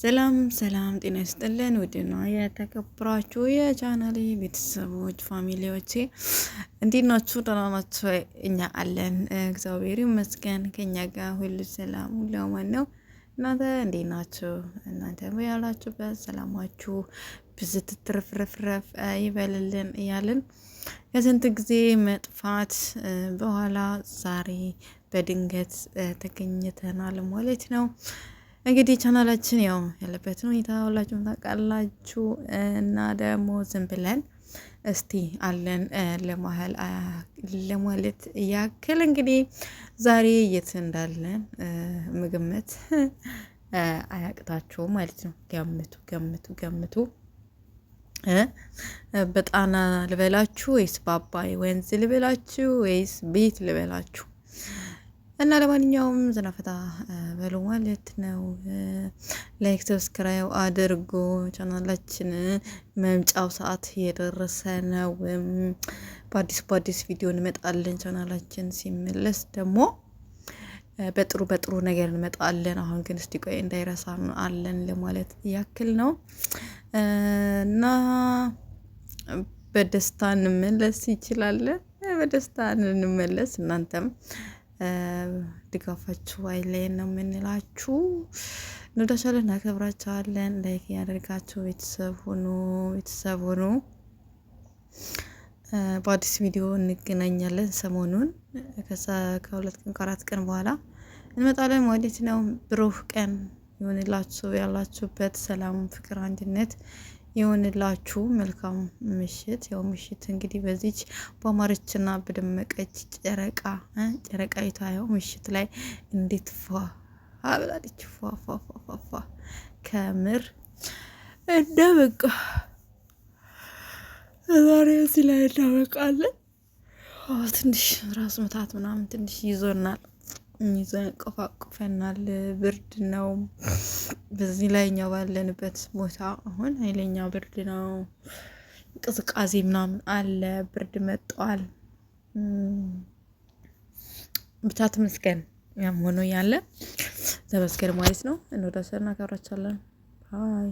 ሰላም ሰላም፣ ጤና ይስጥልን ውድና የተከበራችሁ የቻናሌ ቤተሰቦች ፋሚሊዎቼ፣ እንዴት ናችሁ? ደህና ናችሁ? እኛ አለን እግዚአብሔር ይመስገን፣ ከኛ ጋር ሁሉ ሰላም፣ ሁሉ ነው። እናንተ እንዴት ናችሁ? እናንተ ያላችሁበት ሰላማችሁ ብዝት ትርፍርፍረፍ ይበልልን እያልን ከስንት ጊዜ መጥፋት በኋላ ዛሬ በድንገት ተገኝተናል ማለት ነው። እንግዲህ ቻናላችን ያው ያለበትን ሁኔታ ሁላችሁም ታውቃላችሁ እና ደግሞ ዝም ብለን እስቲ አለን ለማለት ያክል እንግዲህ ዛሬ የት እንዳለን ምግምት አያቅታችሁም ማለት ነው። ገምቱ ገምቱ ገምቱ። በጣና ልበላችሁ ወይስ በአባይ ወንዝ ልበላችሁ ወይስ ቤት ልበላችሁ? እና ለማንኛውም ዝናፈታ በሉ ማለት ነው። ላይክ ሰብስክራይብ አድርጎ ቻናላችን መምጫው ሰዓት እየደረሰ ነው። በአዲስ በአዲስ ቪዲዮ እንመጣለን። ቻናላችን ሲመለስ ደግሞ በጥሩ በጥሩ ነገር እንመጣለን። አሁን ግን እስቲ ቆይ እንዳይረሳ አለን ለማለት ያክል ነው እና በደስታ እንመለስ ይችላለን። በደስታ እንመለስ እናንተም ድጋፋችሁ አይለየን ነው የምንላችሁ። እንወዳችኋለን፣ እናከብራችኋለን። ላይክ ያደርጋችሁ ቤተሰብ ሁኑ፣ ቤተሰብ ሁኑ። በአዲስ ቪዲዮ እንገናኛለን። ሰሞኑን ከሁለት ቀን ከአራት ቀን በኋላ እንመጣለን ማለት ነው። ብሩህ ቀን ይሁንላችሁ። ያላችሁበት ሰላም፣ ፍቅር፣ አንድነት የሆንላችሁ መልካም ምሽት። ያው ምሽት እንግዲህ በዚች በአማረችና በደመቀች ጨረቃ ጨረቃዊቷ ያው ምሽት ላይ እንዴት ፏ ብላለች። ፏፏፏፏፏ ከምር እንደ በቃ ዛሬ እዚህ ላይ እናበቃለን። ትንሽ ራስ ምታት ምናምን ትንሽ ይዞናል። ይዘን ብርድ ነው። በዚህ ላይ እኛ ባለንበት ቦታ አሁን ኃይለኛ ብርድ ነው። ቅዝቃዜ ምናምን አለ። ብርድ መጥቷል። ብቻ ተመስገን። ያም ሆኖ ያለ ተመስገን ማለት ነው። እንወዳሰና ከብራቻለን ባይ